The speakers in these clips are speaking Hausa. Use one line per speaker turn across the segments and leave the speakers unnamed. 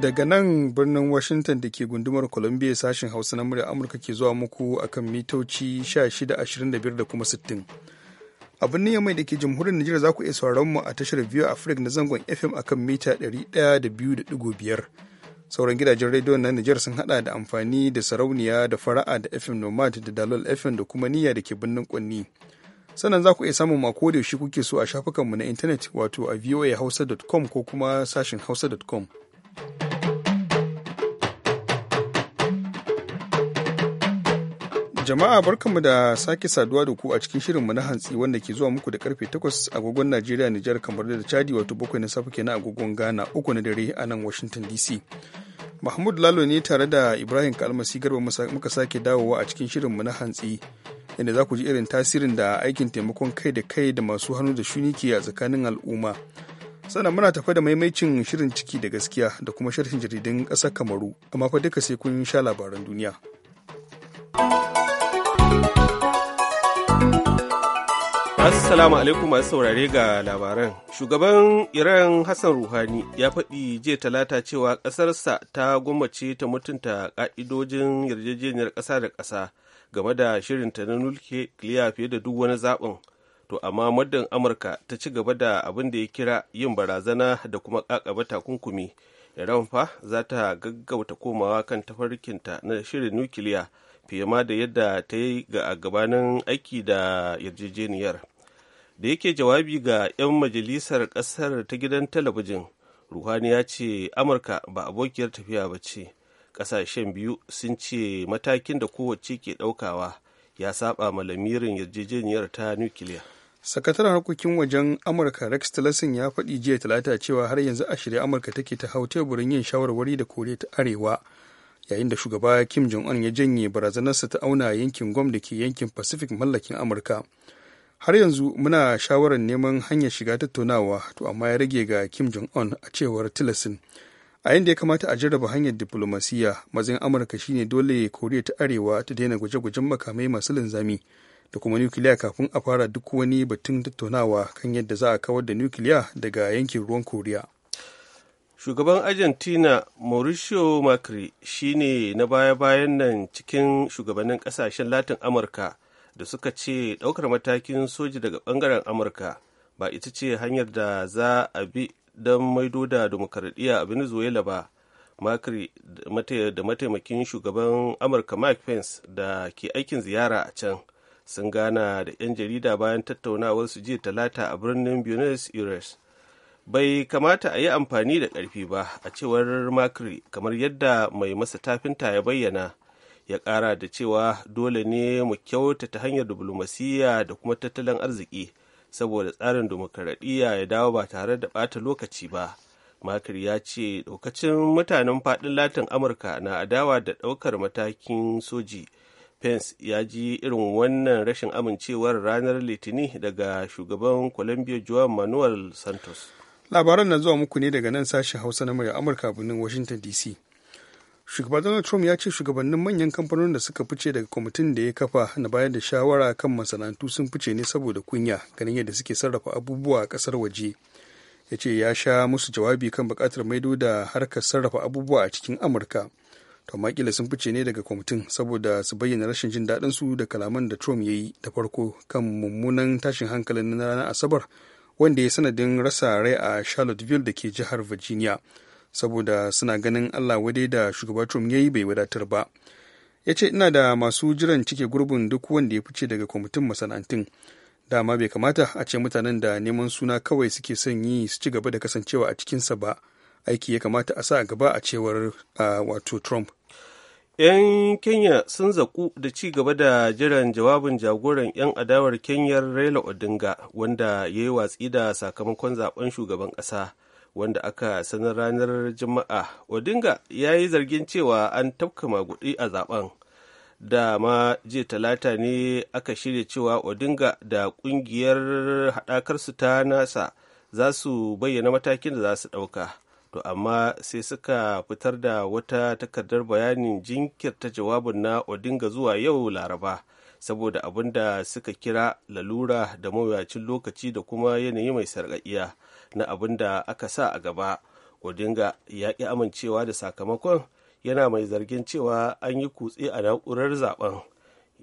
daga nan birnin washington da ke gundumar columbia sashen hausa na murya amurka ke zuwa muku akan mitoci 1625 da kuma 60 a birnin yamai da ke jamhuriyar nijar za ku iya sauraron mu a tashar biyu afirka na zangon fm akan mita 102.5 sauran gidajen rediyon na nijar sun hada da amfani da sarauniya da fara'a da fm nomad da dalol fm da kuma niyya da ke birnin kwanni sannan za ku iya samun mako ko da yaushe kuke so a shafukanmu na intanet wato a voahausa.com ko kuma sashin hausa.com jama'a barkanmu da sake saduwa da ku a cikin shirinmu na hantsi wanda ke zuwa muku da karfe 8 agogon najeriya nijar kamar da chadi wato bakwai na safe kenan agogon ghana uku na dare a nan washington dc mahmud lalo ne tare da ibrahim kalmasi garba muka sake dawowa a cikin shirinmu na hantsi inda za ku ji irin tasirin da aikin taimakon kai da kai da masu hannu da shuni ke a tsakanin al'umma sannan muna tafe da maimaicin shirin ciki da gaskiya da kuma sharhin jaridun ƙasar kamaru amma fa duka sai kun sha labaran
duniya Assalamu alaikum masu saurare ga labaran. Shugaban Iran Hassan Ruhani ya faɗi jiya talata cewa ƙasarsa ta gwammace ta mutunta ƙa'idojin yarjejeniyar ƙasa da ƙasa game da shirinta na kiliya fiye da duk wani zaɓin to amma muddin amurka ta ci gaba da abin da ya kira yin barazana da kuma kakaba takunkumi iran fa za ta gaggauta komawa kan tafarkinta na shirin nukiliya fiye ma da yadda ta yi ga gabanin aiki da yarjejeniyar da yake jawabi ga 'yan majalisar ƙasar ta gidan talabijin ruhani ya ce amurka ba abokiyar tafiya ba ce kasashen biyu sun ce matakin da kowace ke daukawa ya saba ma lamirin yarjejeniyar ta nukiliya
sakataren harkokin wajen amurka rex tillerson ya faɗi jiya talata cewa har yanzu a shirya amurka take ta hau teburin yin shawarwari da koriya ta arewa yayin da shugaba kim jong un ya janye barazanarsa ta auna yankin gwam da ke yankin pacific mallakin amurka har yanzu muna shawarar neman hanyar shiga tattaunawa to amma ya rage ga kim jong un a cewar tillerson a yadda ya kamata a jarraba hanyar diflomasiyya matsayin amurka shine dole koriya ta arewa ta daina gwaje-gwajen makamai masu linzami da kuma nukiliya kafin a fara duk
wani batun
tattaunawa kan yadda za a kawar da nukiliya daga yankin ruwan koriya
shugaban argentina mauricio macri shine na baya-bayan nan cikin shugabannin kasashen latin amurka da suka ce daukar matakin soji daga bangaren amurka ba ita ce hanyar da za a bi don maido da demokaradiyya a venezuela ba makri da mataimakin shugaban amurka mike pence da ke aikin ziyara a can sun gana da 'yan jarida bayan tattaunawar su jiya talata a birnin buenos aires bai kamata a yi amfani da ƙarfi ba a cewar makri kamar yadda mai masa tafinta ya bayyana ya ƙara da cewa dole ne mu kyautata hanyar diflomasiyya da kuma tattalin arziki saboda tsarin dimokuraɗiyya ya dawo ba tare da ɓata lokaci ba makar ya ce ɗaukacin mutanen faɗin latin amurka na adawa da ɗaukar matakin soji pence ya ji irin wannan rashin amincewar ranar litini daga shugaban colombia juan manuel santos
labaran na zuwa muku ne daga nan sashen hausa na mai amurka birnin washington dc shugaban donald trump ya ce shugabannin manyan kamfanonin da suka fice daga kwamitin da ya kafa na bayar da shawara kan masana'antu sun fice ne saboda kunya ganin yadda suke sarrafa abubuwa a kasar waje ya ce ya sha musu jawabi kan bukatar maido da harkar sarrafa abubuwa a cikin amurka to makila sun fice ne daga kwamitin saboda su bayyana rashin jin daɗin su da kalaman da trump ya yi da farko kan mummunan tashin hankalin na ranar asabar wanda ya sanadin rasa rai a charlottesville da ke jihar virginia saboda suna ganin allah wade da shugaba trump ya yi bai wadatar ba ya ce ina da masu jiran cike gurbin duk wanda ya fice daga kwamitin masana'antun dama bai kamata a ce mutanen da neman suna kawai suke son yi su ci gaba da kasancewa a cikinsa
ba aiki ya kamata a sa gaba a cewar wato trump 'yan kenya sun zaku da ci gaba da jiran jawabin jagoran 'yan adawar kenyar raila odinga wanda ya yi watsi da sakamakon zaben shugaban ƙasa wanda aka sanar ranar juma'a odinga ya yi zargin cewa an tafka magudi a zaben da ma jiya talata ne aka shirya cewa odinga da kungiyar haɗakarsu ta nasa za su bayyana matakin da za su ɗauka to amma sai suka fitar da wata takardar bayanin jinkirta jawabin na odinga zuwa yau laraba saboda abin da suka kira lalura da mawuyacin lokaci da kuma yanayi mai sarƙaƙiya na abin da aka sa a gaba odinga ya ƙi amincewa da sakamakon yana mai zargin cewa an yi kutse a na'urar zaben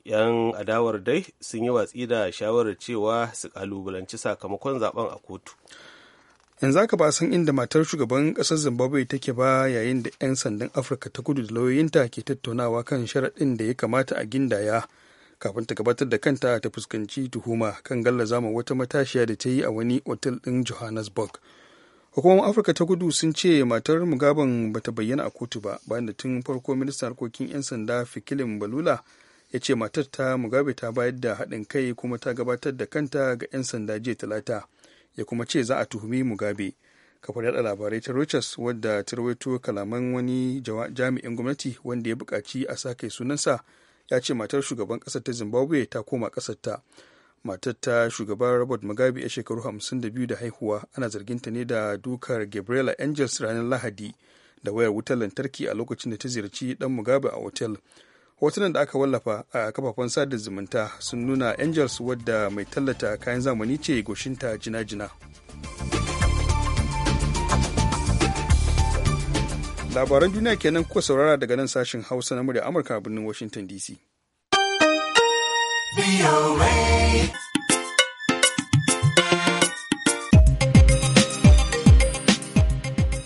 yan adawar dai sun yi watsi da shawarar cewa su kalubalanci sakamakon zaben a kotu
yanzu aka ba san inda matar shugaban ƙasar zimbabwe take ba yayin da 'yan sandan afirka ta kudu da lauyoyinta ke tattaunawa kan sharaɗin da ya kamata a gindaya kafin ta gabatar da kanta ta fuskanci tuhuma kan gallaza mu wata matashiya da ta yi a wani otal ɗin johannesburg hukumomin afirka ta kudu sun ce matar ba ta bayyana a kotu ba bayan da tun farko ministan harkokin 'yan sanda fikilin balula ya ce matar ta mugabe ta bayar da haɗin kai kuma ta gabatar da kanta ga 'yan sanda jiya talata ya kuma ce za a tuhumi mugabe kafar yada labarai ta Reuters wadda ta rawaito kalaman wani jami'in gwamnati wanda ya buƙaci a sake sunansa ya ce matar shugaban kasar ta zimbabwe ta koma ƙasar ta matar ta shugaban robert mugabe a shekaru 52 da haihuwa ana zarginta ne da dukar gabriela angels ranar lahadi da wayar wutar lantarki a lokacin da ta ziyarci dan mugabe a otel hotunan da aka wallafa a kafafen sada zumunta sun nuna angels wadda mai tallata kayan zamani ce goshinta jina-jina. labaran duniya kenan kuka saurara daga nan sashin hausa na murya amurka a birnin washington dc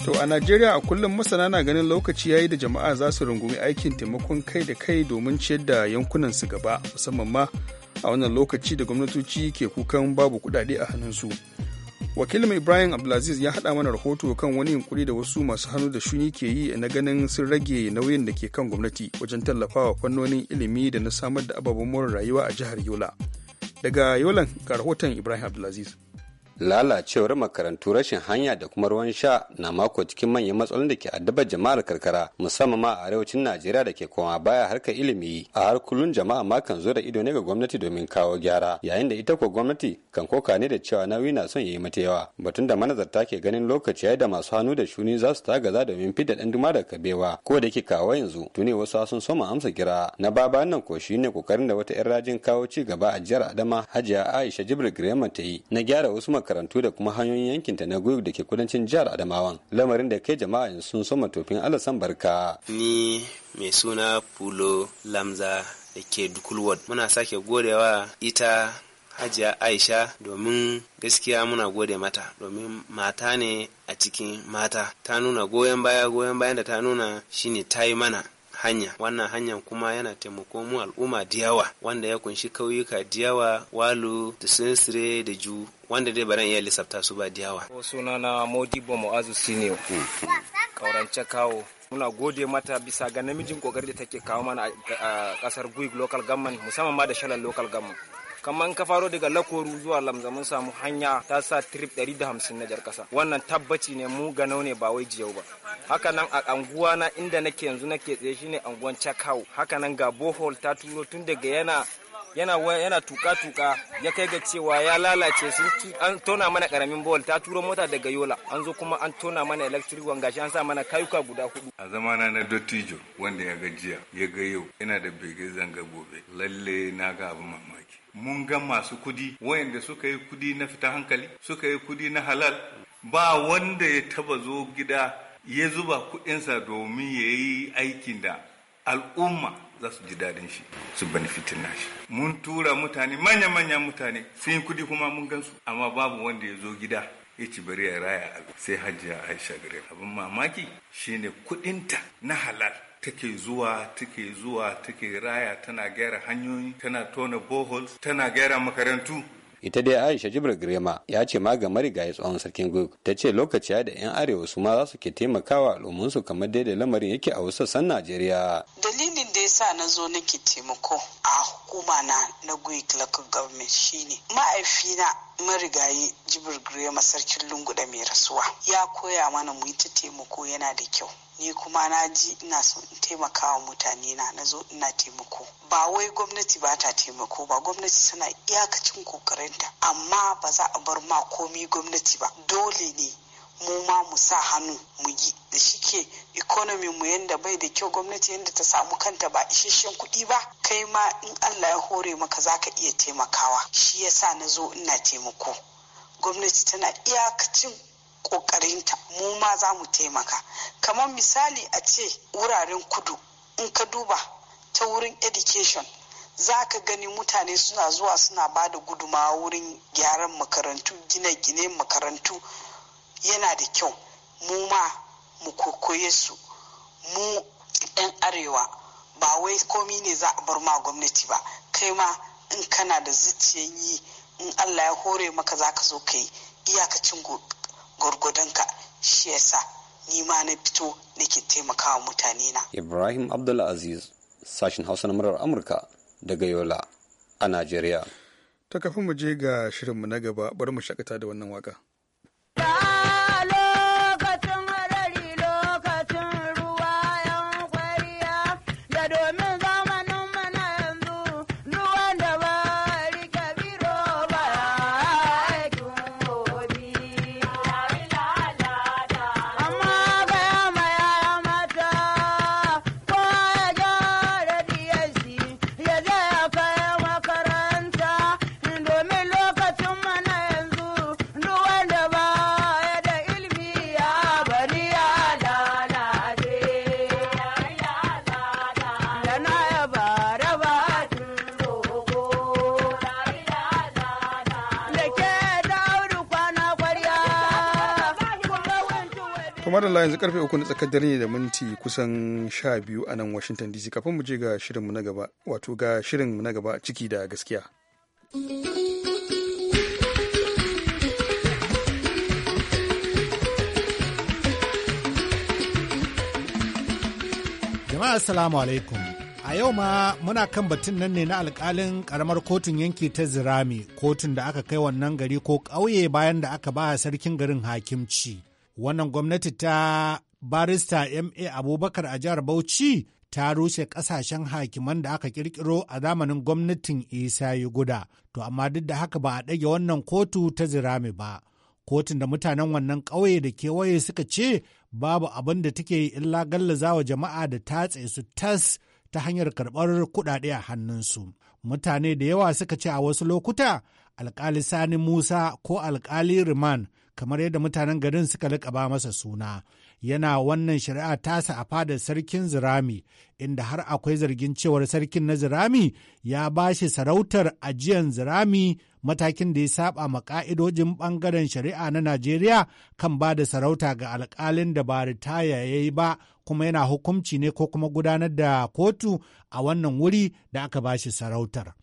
To a Najeriya a kullum masana na ganin lokaci yayi da jama'a za su rungumi aikin taimakon kai da kai domin ciyar da yankunan su gaba musamman ma a wannan lokaci da gwamnatoci ke kukan babu kudade a hannun su. wakilin ibrahim abdulaziz ya haɗa mana rahoto kan wani yunkuri da wasu masu hannu da shuni ke yi na ganin sun rage nauyin da ke kan gwamnati wajen tallafawa fannonin ilimi da na samar da ababen more rayuwa a jihar yola daga yolan ga rahoton ibrahim abdulaziz
lalacewar makarantu rashin hanya da kuma ruwan sha na mako cikin manyan matsalolin da ke addabar jama'ar karkara musamman ma a arewacin najeriya da ke koma baya harkar ilimi a har jama'a ma kan zo da ido ne ga gwamnati domin kawo gyara yayin da ita ko gwamnati kan koka ne da cewa nauyi na son yi mata yawa batun da manazarta ke ganin lokaci ya da masu hannu da shuni za su tagaza domin fidda dan duma da kabewa ko da ke kawo yanzu tuni wasu sun soma amsa kira na baba nan ko ne kokarin da wata 'yan rajin kawo ci gaba a jihar adama hajiya aisha jibril grema ta yi na gyara wasu makarantu da kuma hanyoyin yankinta na gwiwu da ke kudancin jihar adamawan lamarin da kai jama'a sun soma tofin alasan barka
ni mai suna pulo lamza da ke dukulwad muna sake godewa ita hajiya aisha domin gaskiya muna gode mata domin mata ne a cikin mata ta nuna goyon baya goyon bayan da ta nuna shine ta yi mana hanya wannan hanyar kuma yana taimako mu al'umma diyawa wanda ya kunshi kauyuka diyawa walu da sinsire da ju wanda dai baran iya lissafta su ba diyawa
sunana modibo mu'azu sine ƙaurance kawo muna gode mata bisa ga namijin kokari da take kawo mana a kasar guig local government musamman ma da shalan local government kamar ka faro daga lakoru zuwa lamza mun samu hanya ta sa trip 150 na jar kasa wannan tabbaci ne mu ganau ne ba wai jiyau ba hakanan nan a anguwa na inda nake yanzu nake tsaye shine anguwan chakau haka nan ga bohol ta turo tun daga yana yana yana tuka tuka ya kai ga cewa ya lalace sun an tona mana karamin bol ta turo mota daga yola an zo kuma an tona mana electric wanga shi an sa mana kayuka guda hudu
a zamana na dottijo wanda ya gajiya ya ga yau
ina da bege zanga gobe lalle na ga abin mamaki
mun ga masu kudi wayanda suka yi kudi na fita hankali suka yi kudi na halal ba wanda ya taba zo gida ya zuba kudinsa domin ya yi aikin da al'umma za su ji daɗin shi
su benefitin nashi
mun tura mutane manya manya mutane sun yi kudi kuma mun gansu amma babu wanda ya zo gida ya ci bari ya raya sai hajiya aisha gare abin mamaki shine kudinta na halal take zuwa take zuwa take raya tana gyara hanyoyi tana tona boholes tana gyara makarantu
ita dai aisha jibril grema ya ce ma ga marigayi tsohon sarkin gug ta ce lokaci da yan arewa su ma za su ke taimakawa su kamar daidai lamarin yake a wasu sassan najeriya
dalilin da ya sa na zo nake taimako a hukuma na na Gui local government shine ma'aifina marigayi jibir grema sarkin lunguda mai rasuwa ya koya mana mu yi ta taimako yana da kyau ni kuma na ji ina son in taimaka wa mutane na na zo ina taimako ba wai gwamnati ba ta taimako ba gwamnati tana iyakacin kokarinta amma ba za a bar ma komi gwamnati ba dole ne mu ma mu sa hannu mu yi da shike economy mu yanda bai da kyau gwamnati yanda ta samu kanta ba isasshen kuɗi ba kai ma in Allah ya hore maka zaka iya taimakawa shi yasa na zo ina taimako gwamnati tana iyakacin ƙoƙarinta mu ma za mu taimaka kamar misali a ce wuraren kudu in ka duba ta wurin education za ka gani mutane suna zuwa suna ba da gudumawa wurin gyaran makarantu gine-gine makarantu yana da kyau mu ma mu kokoye su mu ɗan arewa ba wai komi ne za a bar ma gwamnati ba kai ma in kana da zuciyan yi in allah ya hore maka za ka zo ka yi iyakacin gwargwadonka shi yasa ni ma na fito nake taimakawa mutane na
ibrahim abdulaziz sashen hausa na murar amurka daga yola a najeriya
ta kafin mu je ga shirinmu na gaba bari mu shakata da wannan waka kamar madalla yanzu karfe uku na tsakar dare da minti kusan sha biyu a nan washington dc kafin mu je ga shirinmu na gaba wato ga shirinmu na gaba ciki da gaskiya
jama'a assalamu alaikum a yau ma muna kan batun nan ne na alkalin karamar kotun yanki ta zirami kotun da aka kai wannan gari ko ƙauye bayan da aka ba sarkin garin hakimci wannan gwamnati ta barista ma abubakar a jihar bauchi ta rushe kasashen hakiman da aka kirkiro a zamanin gwamnatin isa guda to amma duk da haka ba a ɗage wannan kotu ta zirame ba kotun da mutanen wannan ƙauye da kewaye suka ce babu abin da take illa gallazawa jama'a da tatse su tas ta hanyar karɓar kuɗaɗe a hannunsu mutane da yawa suka ce a wasu lokuta Alƙali sani musa ko Alƙali riman kamar yadda mutanen garin suka liƙaba masa suna yana wannan shari'a tasa a fadar sarkin zirami inda har akwai zargin cewar sarkin na zirami ya ba shi sarautar ajiyan zirami matakin da ya saba ma ka'idojin bangaren shari'a na najeriya kan ba da sarauta ga alkalin da ba ritaya ya yi ba kuma yana hukumci ne ko kuma gudanar da kotu a wannan wuri da aka ba shi sarautar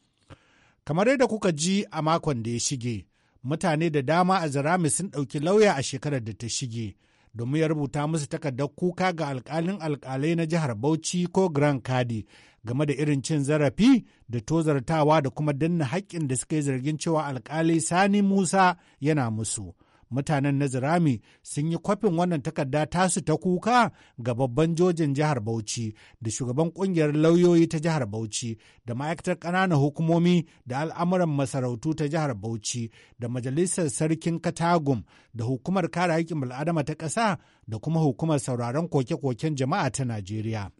kamar yadda kuka ji a makon da ya shige mutane da dama a zirame sun ɗauki lauya a shekarar da ta shige domin ya rubuta musu takardar kuka ga alkalin alƙalai na jihar bauchi ko grand kadi game da irin cin zarafi da tozartawa da kuma danna haƙƙin da suka yi zargin cewa alkali sani musa yana musu mutanen Nazirami sun yi kwafin wannan takarda tasu ta kuka ga babban jojin jihar Bauchi da shugaban kungiyar lauyoyi ta jihar Bauchi da ma'aikatar ƙananan hukumomi da al'amuran masarautu ta jihar Bauchi da majalisar sarkin Katagum da hukumar kare haƙƙin bil'adama ta ƙasa da kuma hukumar sauraron koke-koken jama'a ta Najeriya.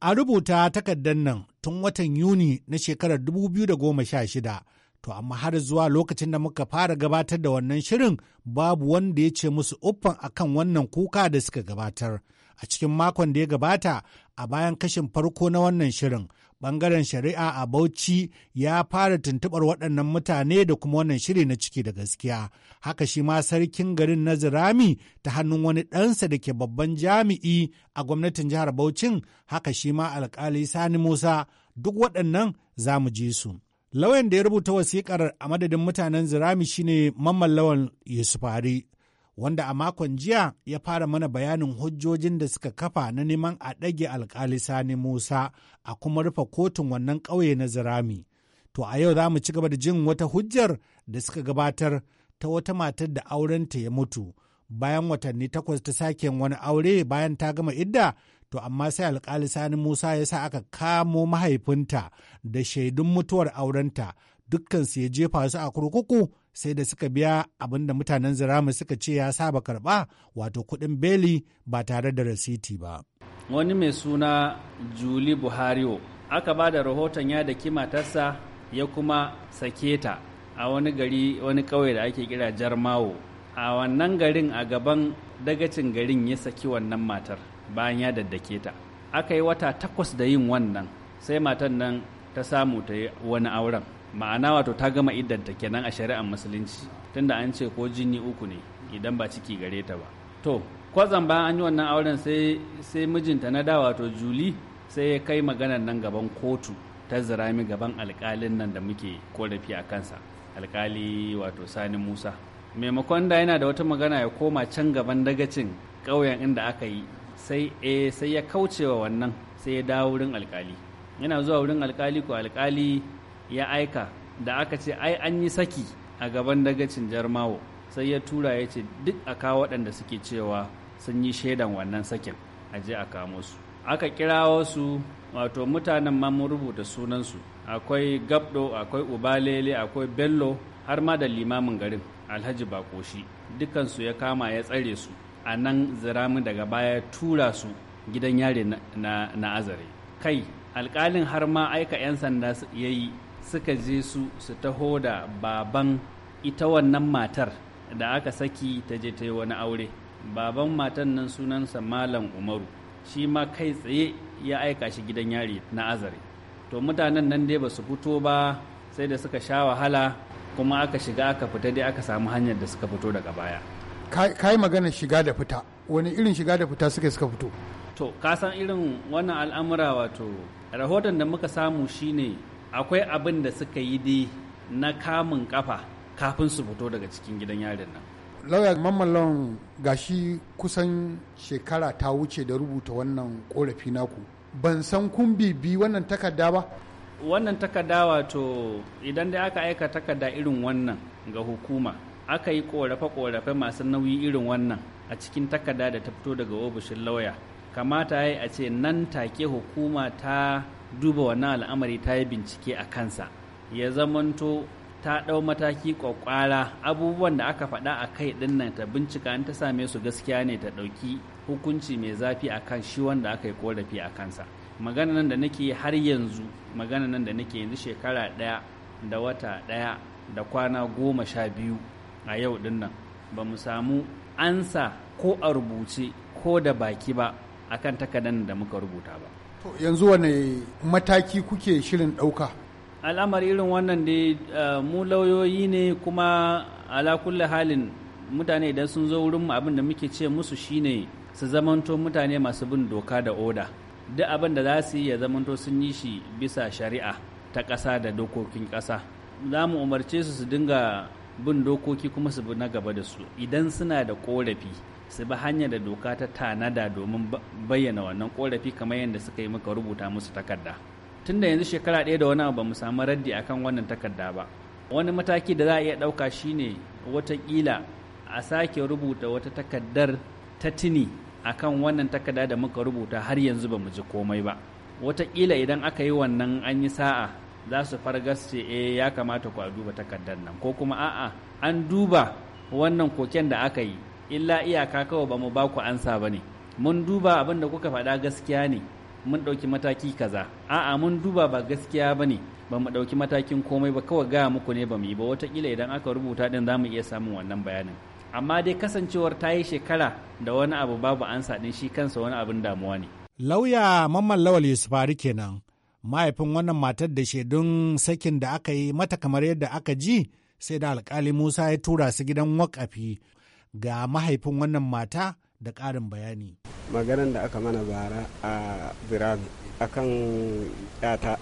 A rubuta takardar nan tun watan Yuni na shekarar 2016 To amma har zuwa lokacin da muka fara gabatar da wannan shirin babu wanda ya ce musu uffan akan wannan kuka da suka gabatar. A cikin makon da ya gabata a bayan kashin farko na wannan shirin bangaren shari'a a Bauchi ya fara tuntubar waɗannan mutane da kuma wannan shiri na ciki da gaskiya. Haka shi ma sarkin garin na Zirami ta hannun wani ɗansa da ke babban jami'i a gwamnatin jihar Bauchin haka shi ma alkali Sani Musa duk waɗannan za mu ji su. Lauyan da ya rubuta wasikar a madadin mutanen Zirami shine Mamman Lawan Yusufari, wanda a makon jiya ya fara mana bayanin hujjojin da suka kafa na neman a ɗage alkali Sani Musa a kuma rufe kotun wannan ƙauye na Zirami. To a yau za mu ci gaba da jin wata hujjar da suka gabatar ta wata matar da aurenta ya mutu. Bayan watanni takwas ta sake wani aure bayan ta gama idda to amma sai alkali sani musa ya sa aka kamo mahaifinta da shaidun mutuwar aurenta dukkansu ya jefa su a kurkuku sai da suka biya abin da mutanen zirama suka ce ya saba karba wato kuɗin beli ba tare da rasiti ba
wani mai suna juli buhariyo aka ba da rahoton ya da kimatarsa ya kuma sake ta a wani gari wani ƙauye da ake kira jarmawo a wannan garin a gaban dagacin garin ya saki wannan matar bayan ya daddake ta aka yi wata takwas da yin wannan sai matan nan ta samu ta yi wani auren ma'ana wato ta gama iddanta kenan a shari'ar musulunci tunda an ce ko jini uku ne idan ba ciki gare ta ba to kwazan bayan an yi wannan auren sai sai mijinta na da wato juli sai ya kai maganar nan gaban kotu ta zirami gaban alkalin nan da muke korafi a kansa alkali wato sani musa maimakon da yana da wata magana ya koma can gaban dagacin ƙauyen inda aka yi sai eh sai ya kauce wa wannan sai ya dawo wurin alkali yana zuwa wurin alkali ko alkali ya aika da aka ce ai an yi saki a gaban dagacin jarmawo sai ya tura ya ce duk a waɗanda suke cewa sun yi shaidan wannan sakin a je a kamo su aka kira wasu wato mutanen ma mun rubuta sunansu akwai gabdo akwai ubalele akwai bello har ma da limamin garin alhaji bakoshi dukansu ya kama ya tsare su a nan ziramin daga baya tura su gidan yare na azare kai alkalin har ma aika 'yan sanda ya yi suka je su su taho da baban ita wannan matar da aka saki ta je ta yi wani aure baban matan nan sunansa malam umaru shi ma kai tsaye ya aika shi gidan yari na azare to mutanen nan dai ba su fito ba sai da suka sha wahala kuma aka shiga aka fita dai aka samu hanyar da suka fito daga baya
ka magana shiga da fita wani irin shiga da fita suka suka fito
to ka san irin wannan al'amura wato rahoton da muka samu shine akwai abin da suka yi dai na kamun kafa kafin su fito daga cikin gidan yarin nan
lauya mamallon gashi kusan shekara ta wuce da rubuta wannan korafi naku ban san kun bibi wannan takarda
ba wannan takarda wato idan dai aka aika takarda irin wannan ga hukuma aka yi korafe-korafe masu nauyi irin wannan a cikin takarda da ta fito daga ofishin lauya kamata ya yi a ce nan take hukuma ta duba wannan al'amari ta yi bincike a kansa ya zamanto ta ɗau mataki ƙwaƙwara abubuwan da aka faɗa a kai ɗin nan ta bincika in ta same su gaskiya ne ta ɗauki hukunci mai zafi a kan shi wanda aka yi korafi a kansa magana nan da nake har yanzu magana nan da nake yanzu shekara ɗaya da wata ɗaya da kwana goma sha biyu a yau din nan ba mu samu ansa ko a rubuce ko da baki ba a kan takardar da muka rubuta ba
to yanzu wane mataki kuke shirin ɗauka
al'amari irin wannan da eh, mu lauyoyi ne kuma alakulla halin mutane idan sun zo wurinmu abin da muke ce musu shine su zamanto mutane masu bin doka da oda duk abin da za su yi ya zamanto sun yi shi bisa shari'a ta ƙasa da dokokin ƙasa za mu umarce su su dinga bin dokoki kuma su bi na gaba da su idan suna da korafi su bi hanyar da doka ta tanada domin bayyana wannan korafi kamar yadda suka yi muka rubuta musu takarda tun da yanzu shekara ɗaya da wani abu ba mu samu raddi akan wannan takarda ba wani mataki da za a iya ɗauka shine watakila a sake rubuta wata takardar ta tuni akan wannan takarda da muka rubuta har yanzu ba mu ji komai ba watakila idan aka yi wannan an yi sa'a za su fargas ce e, ya kamata ku a duba takardar nan ko kuma a'a an duba wannan koken da aka yi illa iyaka kawai ba mu ba ku ansa ba ne mun duba abin da kuka faɗa gaskiya ne mun ɗauki mataki kaza a'a mun duba ba gaskiya ba ne ba mu ɗauki matakin komai ba kawai gaya muku ne ba mu yi ba watakila idan aka rubuta din za mu iya samun wannan bayanin amma dai kasancewar ta yi shekara da wani abu babu ansa din shi kansa wani abin damuwa ne.
lauya mamman lawal yusufari kenan mahaifin wannan matar da shaidun sakin da aka yi mata kamar yadda aka ji sai da alkali musa ya tura su gidan wakafi ga mahaifin wannan mata da ƙarin bayani
maganan da aka mana bara a birami akan yata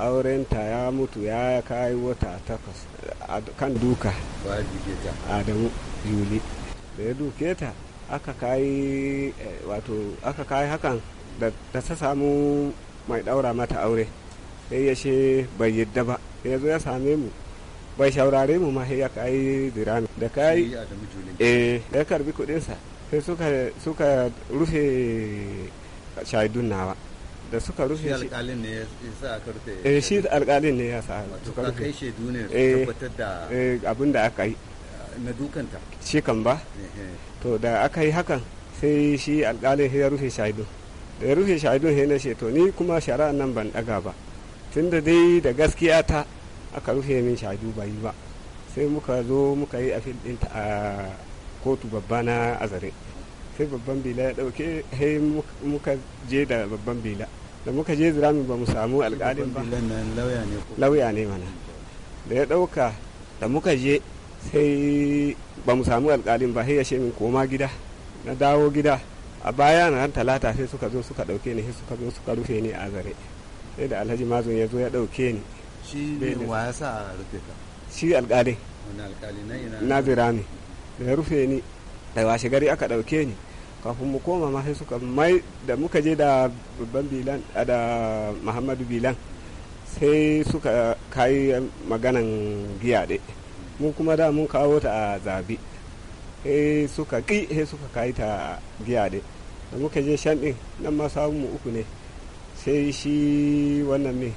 aurenta ya mutu ya kai wata takwas a kan duka adamu juli da ya duke ta aka kayi eh, wato aka kai hakan da ta samu mai daura mata aure sai ya ce bai yadda ba ya zo ya same mu bai shaurare mu ma sai ya kai dirami da kai eh ya karbi sa sai suka suka rufe shaidun nawa da suka rufe shi
alƙalin ne ya sa aka rufe
eh
shi alƙalin ne ya sa suka rufe kai
shaidu ne eh, tabbatar da
eh abin da aka yi
ah, na dukanta shi kan ba eh, eh.
to da aka yi hakan sai shi alƙalin ya rufe shaidun da ya rufe shahidun he na to ni kuma shari'a nan ban daga ba da dai da gaskiya ta aka rufe min shaidu yi ba sai muka zo muka yi afil ta a kotu babba na azare sai babban bila ya dauke he muka je da babban bila da muka je zirami ba mu samu alƙalin ba lauya ne mana da ya dauka da muka je sai ba mu samu alƙalin ba sai ya shemin min koma gida na dawo gida a baya na ran talata sai suka zo suka dauke ni sai suka zo suka rufe ni a zare sai da alhaji mazun ya zo ya dauke ni shi ne wa ya sa a rufe ka shi alkali
wani alkali na ina na zira
ne da ya rufe ni da washe gari aka dauke ni kafin mu koma ma sai suka mai da muka je da babban bilan da muhammadu bilan sai suka kayi maganan giya ɗe mun kuma da mun kawo ta a zabi he eh, suka ƙi he eh, suka kayi ta biya dai da muka je shan ɗin nan ma mu uku ne sai shi wannan ne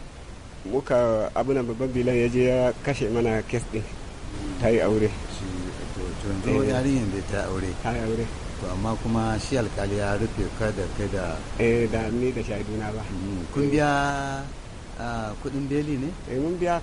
muka abunan babban bilan ya je ya kashe mana kes ɗin ta yi aure to eh. yarinyar da ta aure ta yi aure to amma kuma shi alkali ya rufe ka da kai da eh da ni da shaiduna ba hmm, kun biya ah, kudin beli ne eh mun biya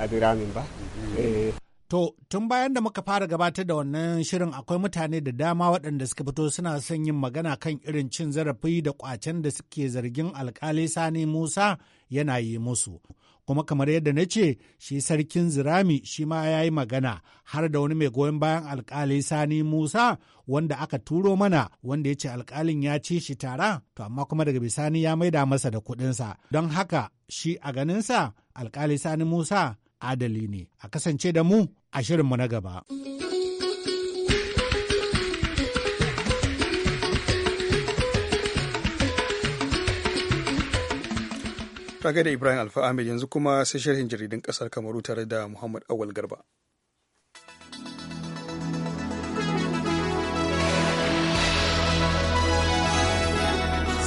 a diramin ba hmm. eh
To, tun bayan da muka fara gabatar da wannan shirin akwai mutane da dama waɗanda suka fito suna son yin magana kan irin cin zarafi da ƙwacen da suke zargin alkali Sani Musa yana yi musu. Kuma kamar yadda na ce, shi sarkin zirami shi ma ya yi magana har da wani mai goyon bayan alkali Sani Musa wanda aka turo mana wanda ya ce alkalin ya ci shi tara, to amma kuma daga bisani ya maida masa da kuɗinsa. Don haka, shi a ganinsa, alkali Sani Musa adali ne. A kasance da mu a shirinmu na gaba.
Tage da Ibrahim Alfa Ahmed yanzu kuma sai sharhin jaridan ƙasar Kamaru tare da Muhammad Awal Garba.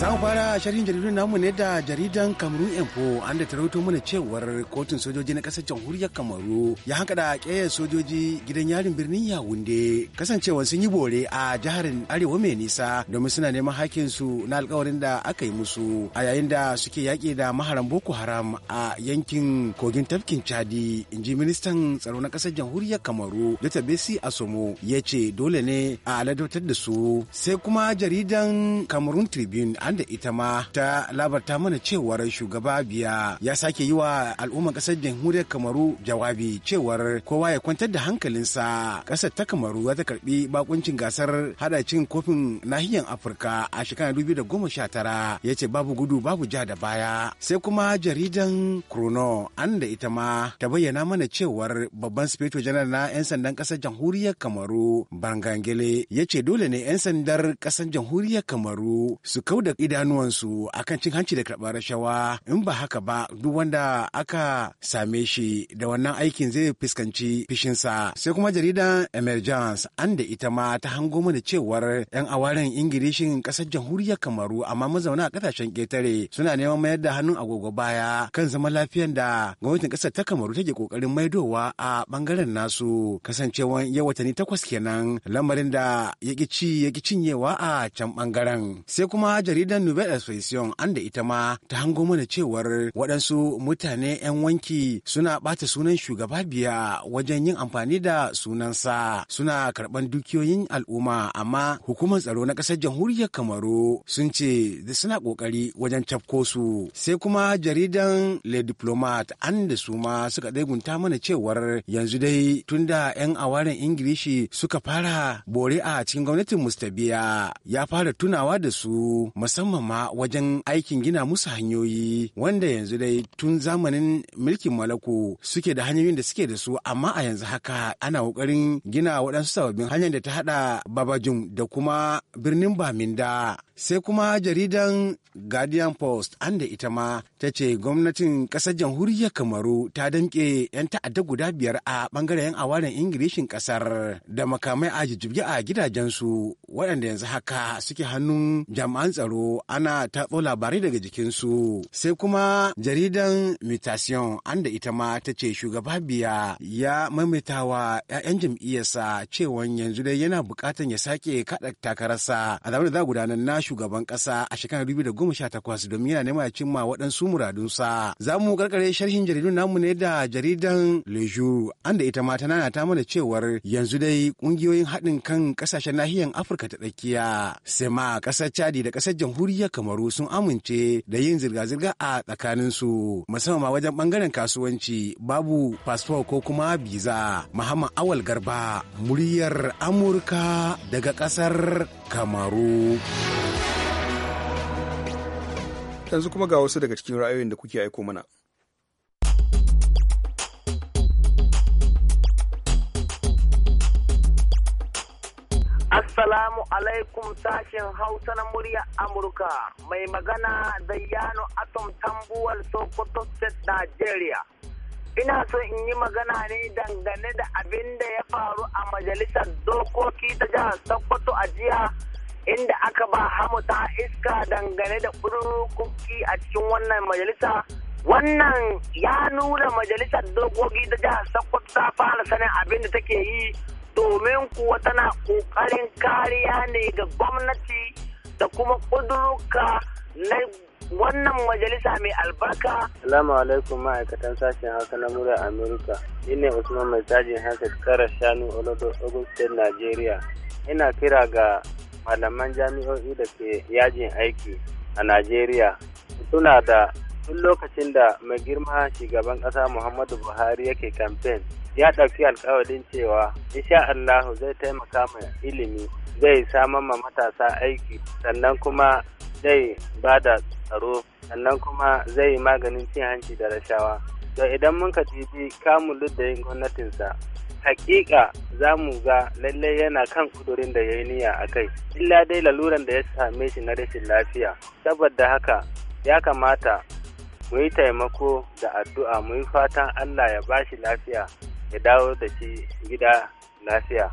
sau fara sharhin jaridun namu ne da jaridan kamaru Info an da tarauto mana cewar kotun sojoji na kasar jamhuriyar Kamaru ya haka da ƙeyar sojoji gidan yarin birnin Yawunde kasancewa sun yi bore a jihar Arewa mai nisa domin suna neman hakin su na alkawarin da aka yi musu a yayin da suke yaƙi da maharan Boko Haram a yankin kogin tafkin Chadi in ji ministan tsaro na kasar jamhuriyar Kamaru Dr. Besi Asomo ya ce dole ne a ladautar da su sai kuma jaridan Cameroon Tribune wanda ita ma ta labarta mana cewar shugaba biya ya sake yi wa al'umman kasar jamhuriyar kamaru jawabi cewar kowa ya kwantar da hankalinsa kasar ta kamaru ya ta karbi bakuncin gasar hada cin kofin nahiyar afirka a shekarar 2019 ya ce babu gudu babu ja da baya sai kuma jaridan krono an da ita ma ta bayyana mana cewar babban sifeto janar na 'yan sandan kasar jamhuriyar kamaru bangangele ya ce dole ne 'yan sandar kasar jamhuriyar kamaru su kau da. idanuwansu akan cin hanci da karɓar rashawa in ba haka ba duk wanda aka same shi da wannan aikin zai fuskanci fishinsa sai kuma jaridan emergence an da ita ma ta hango mana cewar 'yan awarin ingilishin ƙasar jamhuriyar kamaru amma mazauna a ƙasashen ƙetare suna neman mayar da hannun agogo baya kan zaman lafiyar da gwamnatin ƙasar ta kamaru ta take ƙoƙarin maidowa a bangaren nasu kasancewan yau watanni takwas kenan lamarin da ya ci ya cinyewa a can bangaren sai kuma jaridan gidan Nouvelle Expression an da ita ma ta hango mana cewar waɗansu mutane 'yan wanki suna ɓata sunan shugaba biya wajen yin amfani da sunansa suna karɓar dukiyoyin al'umma amma hukumar tsaro na ƙasar jamhuriyar Kamaru sun ce da suna ƙoƙari wajen cafko su sai kuma jaridan Le Diplomat an da su ma suka ɗaigunta mana cewar yanzu dai tunda 'yan awaren Ingilishi suka fara bore a cikin gwamnatin Mustabiya ya fara tunawa da su musamman ma wajen aikin gina musu hanyoyi wanda yanzu dai tun zamanin mulkin malako suke da hanyoyin da suke da su amma a yanzu haka ana kokarin gina waɗansu sababbin hanyar da ta haɗa babajin da kuma birnin baminda sai kuma jaridan guardian post an da ita ma ta ce gwamnatin ƙasar jamhuriyar kamaru ta damƙe 'yan ta'adda guda biyar a ɓangaren awaren ingilishin ƙasar da makamai a jijjibge a gidajensu waɗanda yanzu haka suke hannun jami'an tsaro ana taɓo labarai daga jikinsu sai kuma jaridan mutation anda ita ma ta ce shugaba biya ya maimaitawa 'ya'yan jam'iyyarsa cewan yanzu dai yana bukatan ya sake kaɗa takararsa a zaɓen da za a gudanar na shugaban ƙasa a shekarar 2018 domin yana neman ya cimma waɗansu muradunsa za mu karkare sharhin jaridun namu ne da jaridan leju anda ita ma ta nana ta mana cewar yanzu dai ƙungiyoyin haɗin kan ƙasashen nahiyar afirka ta tsakiya sema ƙasar chadi da ƙasar jamhuriyar jamhuriyar kamaru sun amince da yin zirga-zirga a tsakanin tsakaninsu musamman wajen bangaren kasuwanci babu fasfo ko kuma biza muhammad awal garba muryar amurka daga kasar kamaru
yanzu kuma ga wasu daga cikin ra'ayoyin da kuke aiko mana
Assalamu alaikum sashen Hausa na murya Amurka mai magana da Yano Atom Tambuwal Sokoto State Nigeria. Ina so in yi magana ne dangane da abin da ya faru a majalisar dokoki ta jihar Sokoto a jiya inda aka ba hamu ta iska dangane da kuki a cikin wannan majalisa. Wannan ya nuna majalisar dokoki ta jihar Sokoto ta fara sanin abin da take yi domin kuwa tana ƙoƙarin kariya ne ga gwamnati da kuma ƙuduruka na wannan majalisa mai albarka. Salamu alaikum ma'aikatan sashen haka na murar Amurka. Ni ne Usman mai sajin haka kara shanu Olodo Ogun State Nigeria. Ina kira ga malaman jami'o'i da ke yajin aiki a Najeriya. Suna da tun lokacin da mai girma shugaban ƙasa Muhammadu Buhari yake kamfen ya ɗauki alkawarin cewa insha Allahu zai taimaka ma ilimi zai samar ma matasa aiki sannan kuma zai ba da tsaro sannan kuma zai yi maganin cin hanci da rashawa to idan mun ka jibi kamun yin gwamnatinsa hakika za mu ga lallai yana kan kudurin da ya yi niyya a kai illa dai laluran da ya same shi na rashin lafiya saboda haka ya kamata mu yi taimako da addu'a mu yi fatan allah ya bashi lafiya ya dawo da shi gida lafiya.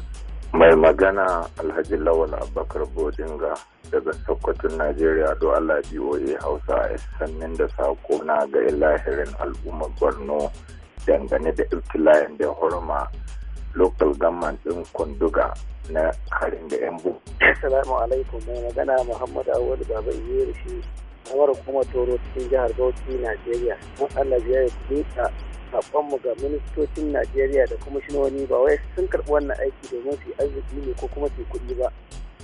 Mai magana Alhaji Lawal Abubakar Bodinga daga Sokoton Najeriya do Allah BOA Hausa a sannin da sako na ga lahirin al'ummar Borno dangane da ibtila'in da horma local government din Kunduga na harin da 'yan bu. Assalamu alaikum mai magana Muhammad Awadu Baba Iyeri shi kamar hukumar toro cikin jihar bauchi najeriya mun allah ya buɗa sakonmu ga ministocin najeriya da kwamishinoni ba wai sun karɓi wannan aiki domin su yi arziki ne ko kuma su kuɗi ba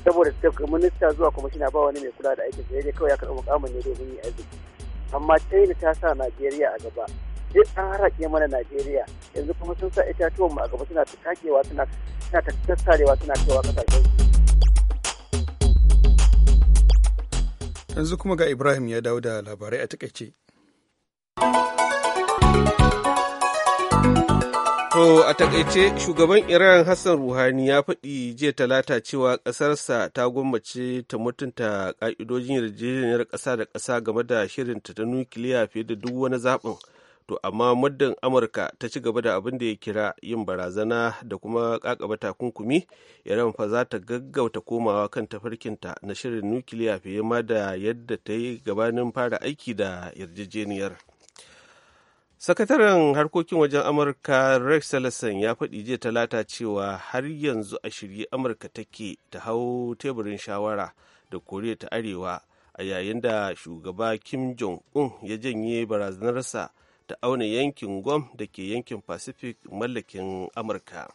saboda daga minista zuwa kwamishina ba wani mai kula da aikin sai dai kawai ya karɓi mukamin ne domin yi arziki amma china ta sa najeriya a gaba duk an harake mana najeriya yanzu kuma sun sa itatuwan mu a gaba suna ta kakewa suna ta tattarewa suna kaiwa kasashen su
yanzu kuma ga ibrahim ya dawo da labarai a takaice
To a takaice shugaban Iran Hassan Ruhani ya faɗi jiya talata cewa ƙasarsa ta gwammace ta mutunta ƙa'idojin yarjejeniyar ƙasa da ƙasa game da shirinta ta nukiliya fiye da duk wani zaɓin to amma muddin amurka ta ci gaba da abin da ya kira yin barazana da kuma kakaba takunkumi iran fa za ta gaggauta komawa kan tafarkinta na shirin nukiliya fiye ma da yadda ta yi gabanin fara aiki da yarjejeniyar sakataren harkokin wajen amurka rex tillerson ya faɗi jiya talata cewa har yanzu a shirye amurka take ta hau teburin shawara da koriya ta arewa a yayin da shugaba kim jong-un ya janye barazanarsa ta auna yankin guam da ke yankin pacific mallakin amurka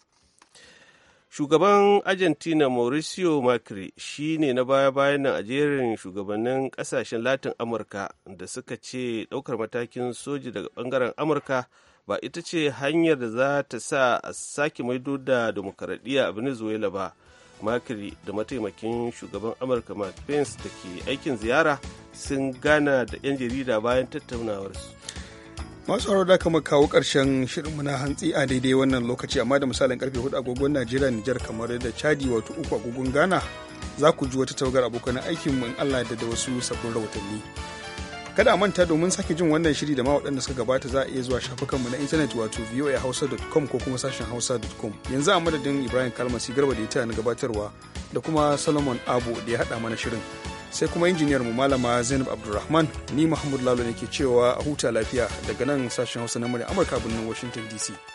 shugaban argentina mauricio macri shi ne na baya-bayan nan a jerin shugabannin kasashen latin amurka da suka ce ɗaukar matakin soji daga ɓangaren amurka ba ita ce hanyar da za ta sa a sake maido da demokaradiyya a venezuela ba makiri da mataimakin shugaban amurka Mark pence da ke aikin ziyara sun gana da 'yan jarida bayan tattaunawarsu masu
haro da kama kawo karshen shirinmu na hantsi a daidai wannan lokaci amma da misalin karfe 4 agogon najeriya nijar kamar da chadi wato uku agogon ghana za ku ji wata tawagar abokan mu in allah da da wasu sabbin rahotanni kada a manta domin sake jin wannan shiri da ma waɗanda suka gabata za a iya zuwa shafukanmu na intanet wato voahausa.com ko kuma sashen hausa.com yanzu a madadin ibrahim kalmasi garba da ya na gabatarwa da kuma solomon abu da ya haɗa mana shirin sai kuma injiniyar mu malama zainab abdulrahman ni mahmud lalo ne ke cewa a huta lafiya daga nan sashen hausa na murya amurka birnin washington dc